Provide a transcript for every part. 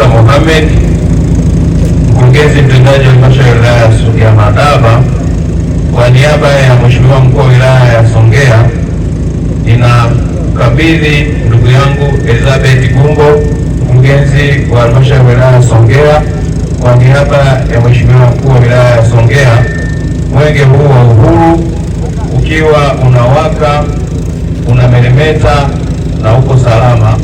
Musa Mohamed, mkurugenzi mtendaji wa halmashauri ya wilaya ya Madaba, kwa niaba ya mheshimiwa mkuu wa wilaya ya Songea ninakabidhi ndugu yangu Elizabeth Gumbo, mkurugenzi wa halmashauri ya wilaya ya Songea, kwa niaba ya mheshimiwa mkuu wa wilaya ya Songea mwenge huu wa uhuru ukiwa unawaka unameremeta na uko salama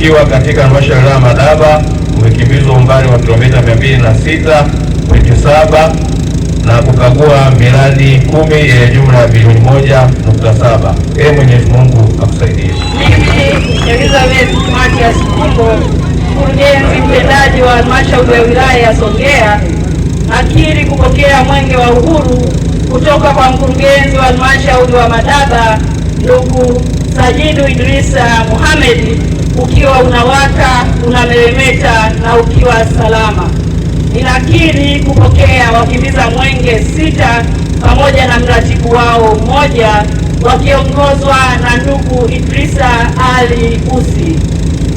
ukiwa katika halmashauri ya Madaba umekimbizwa umbali wa kilomita 206.7 na kukagua miradi kumi yenye jumla ya bilioni moja nukta saba. Ee Mwenyezi Mungu akusaidie. Mimi Elizabeth Matias Kumbo, mkurugenzi mtendaji wa halmashauri ya wilaya ya Songea, akiri kupokea mwenge wa uhuru kutoka kwa mkurugenzi wa halmashauri wa Madaba ndugu Sajidu Idrisa Mohamed ukiwa unawaka, unameremeta na ukiwa salama. Ninakiri kupokea wakimbiza mwenge sita pamoja na mratibu wao mmoja wakiongozwa na ndugu Idrisa Ali Usi.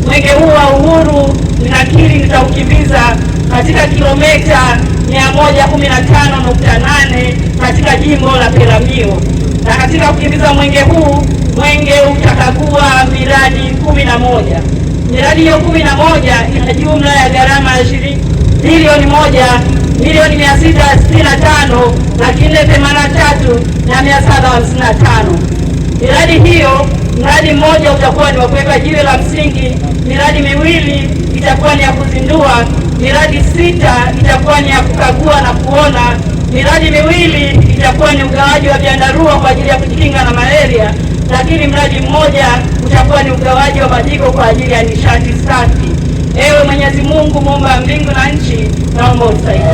Mwenge huu wa uhuru ninakiri nitaukimbiza katika kilometa 115.8 katika jimbo la Peramiho na katika kukimbiza mwenge huu, mwenge utakagua miradi kumi na moja. Miradi hiyo kumi na moja ina jumla ya gharama ya shilingi bilioni moja milioni mia sita sitini na tano laki nne themanini na tatu na mia saba hamsini na tano. Miradi hiyo, mradi mmoja utakuwa ni wa kuweka jiwe la msingi, miradi miwili itakuwa ni ya kuzindua, miradi sita itakuwa ni ya kukagua na kuona, miradi miwili itakuwa ni ugawaji wa vyandarua kwa ajili ya kujikinga na malaria, lakini mradi mmoja utakuwa ni ugawaji wa majiko kwa ajili ya nishati safi. Ewe Mwenyezi Mungu muumba mbingu na nchi, naomba usaidie.